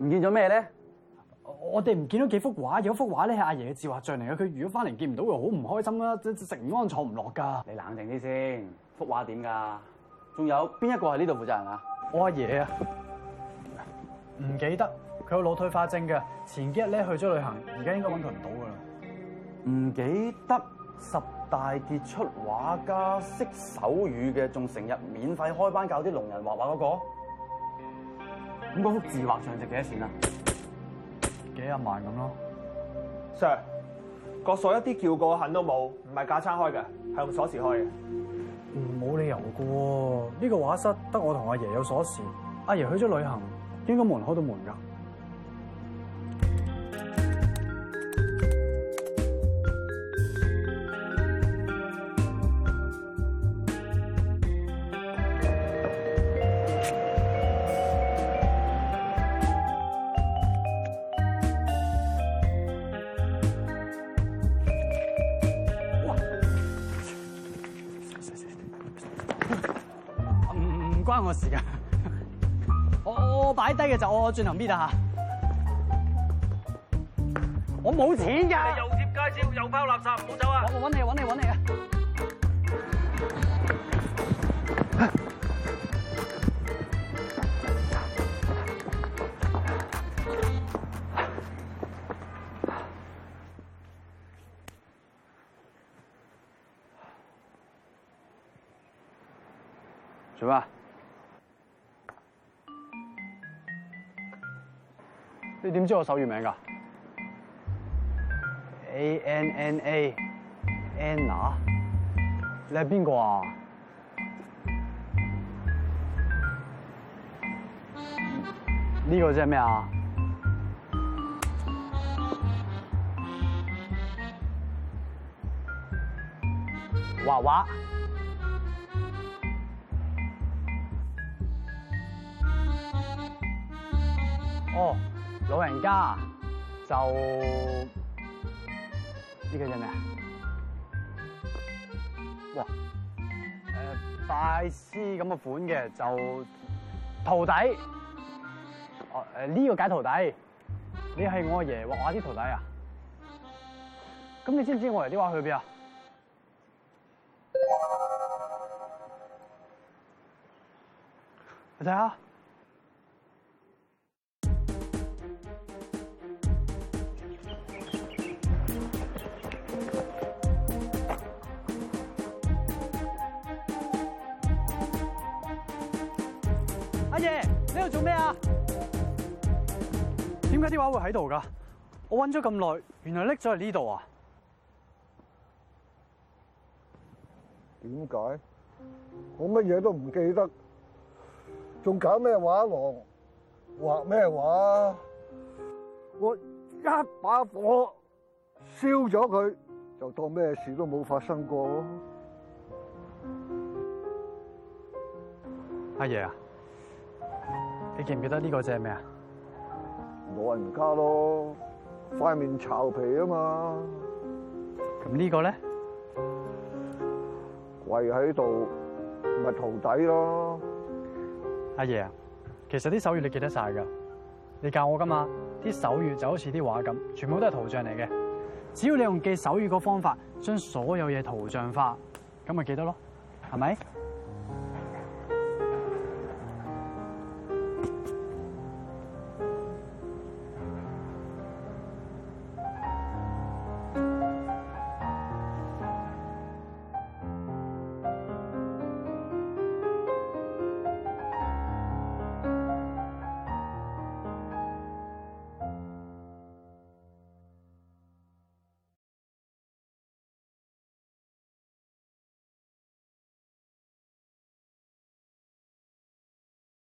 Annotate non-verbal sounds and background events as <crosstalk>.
唔見咗咩咧？我哋唔見到幾幅畫，有一幅畫咧係阿爺嘅自畫像嚟嘅。佢如果翻嚟見唔到，會好唔開心啦，食唔安坐唔落噶。你冷靜啲先，幅畫點噶？仲有邊一個係呢度負責人啊？我阿爺啊，唔記得佢有腦退化症嘅，前幾日咧去咗旅行，而家應該揾佢唔到噶啦。唔記得十大傑出畫家識手語嘅，仲成日免費開班教啲聾人畫畫嗰個？咁嗰幅字畫上值多幾多錢啊？幾廿萬咁咯，Sir，個鎖一啲撬過痕都冇，唔係架撐開嘅，係用鎖匙開嘅。唔冇理由嘅喎，呢、這個畫室得我同阿爺有鎖匙，阿爺去咗旅行，應該冇人開到門噶。唔關 <music> <laughs> 我事噶，我我擺低嘅就我轉頭搣啦吓，我冇錢噶。又貼街招又包垃圾，唔好走啊！我搵你搵你搵你啊！準備。你點知我手語名㗎？Anna，n 你係邊個啊？呢個見面啊！畫畫畫。哦。老人家就呢個人啊，哇，呃、大師咁嘅款嘅就徒弟，哦呢、呃這個解徒弟，你係我爺畫啲徒弟啊？咁你知唔知道我爺啲畫去邊啊？你睇下。阿爺，你喺度做咩啊？點解啲畫會喺度噶？我揾咗咁耐，原來拎咗喺呢度啊？點解？我乜嘢都唔記得，仲搞咩畫王畫廊？畫咩畫？我一把火燒咗佢，就當咩事都冇發生過。阿爺啊！你記唔記得呢個只係咩啊？老人家咯，塊面巢皮啊嘛。咁呢個咧？跪喺度咪徒弟咯。阿爺啊，其實啲手語你記得晒噶，你教我噶嘛。啲手語就好似啲畫咁，全部都係圖像嚟嘅。只要你用記手語個方法，將所有嘢圖像化，咁咪記得咯，係咪？